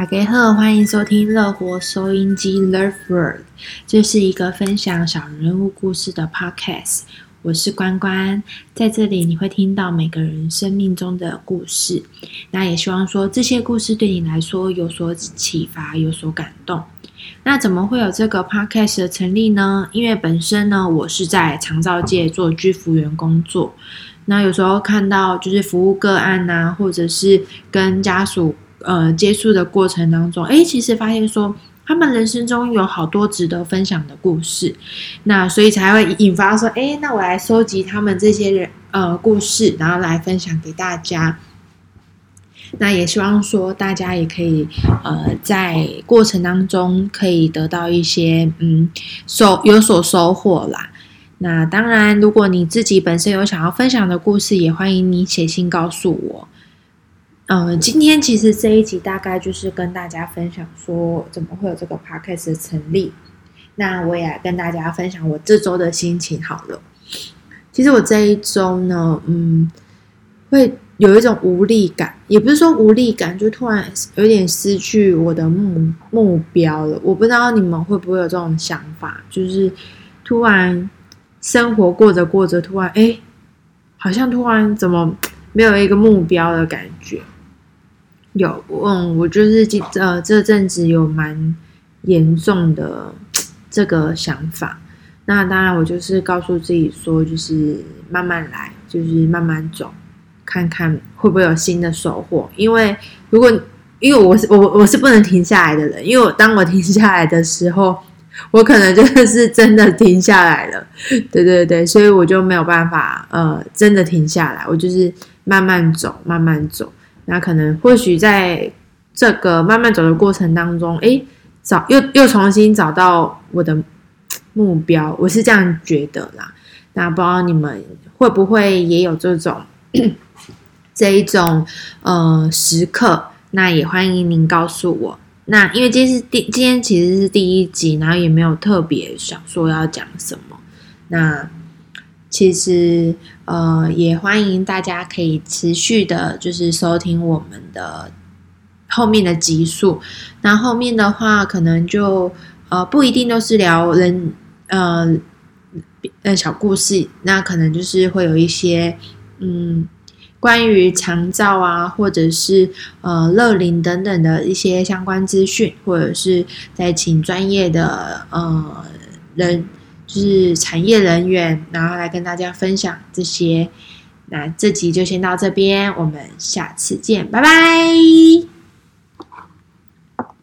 大家好，歡迎收聽樂活收音機《Love World》，這是一個分享小人物故事的 Podcast。我是關關，在這裡你會聽到每個人生命中的故事。那也希望說這些故事對你來說有所啟發，有所感動。那怎麼會有這個 Podcast 的成立呢？因為本身呢，我是在長照界做居服員工作，那有時候看到就是服務個案吶、啊，或者是跟家屬。呃，接觸的過程當中，哎、欸，其實發現說他們人生中有好多值得分享的故事，那所以才會引發說，哎、欸，那我來收集他們這些人呃故事，然後來分享給大家。那也希望說大家也可以呃在過程當中可以得到一些嗯收有所收穫啦。那當然，如果你自己本身有想要分享的故事，也歡迎你寫信告訴我。嗯，今天其實這一集大概就是跟大家分享說，怎麼會有這個 podcast 成立。那我也來跟大家分享我這周的心情好了。其實我這一周呢，嗯，會有一種無力感，也不是說無力感，就突然有點失去我的目目標了。我不知道你們會不會有這種想法，就是突然生活過着過着，突然哎、欸，好像突然怎麼沒有一個目標的感覺。有，嗯，我就是記，呃這陣子有蠻嚴重的這個想法。那當然，我就是告訴自己說，就是慢慢來，就是慢慢走，看看會不會有新的收穫。因為如果因為我是我我是不能停下來的人，因為我當我停下來的時候，我可能就是真的停下來了。對對對，所以我就沒有辦法呃真的停下來，我就是慢慢走，慢慢走。那可能或許在這個慢慢走的過程當中，誒、欸，找又又重新找到我的目標，我是這樣覺得啦。那不知道你們會不會也有這種這一種呃時刻？那也歡迎您告訴我。那因為今天是第，今天其實是第一集，然後也沒有特別想說要講什麼。那。其實，呃，也歡迎大家可以持續的，就是收聽我們的後面的集數。那後面的話，可能就呃不一定都是聊人，呃呃小故事。那可能就是會有一些嗯關於長照啊，或者是呃樂齡等等的一些相關資訊，或者是再請專業的呃人。就是產業人員，然後來跟大家分享這些。那這集就先到這邊，我們下次見，拜拜。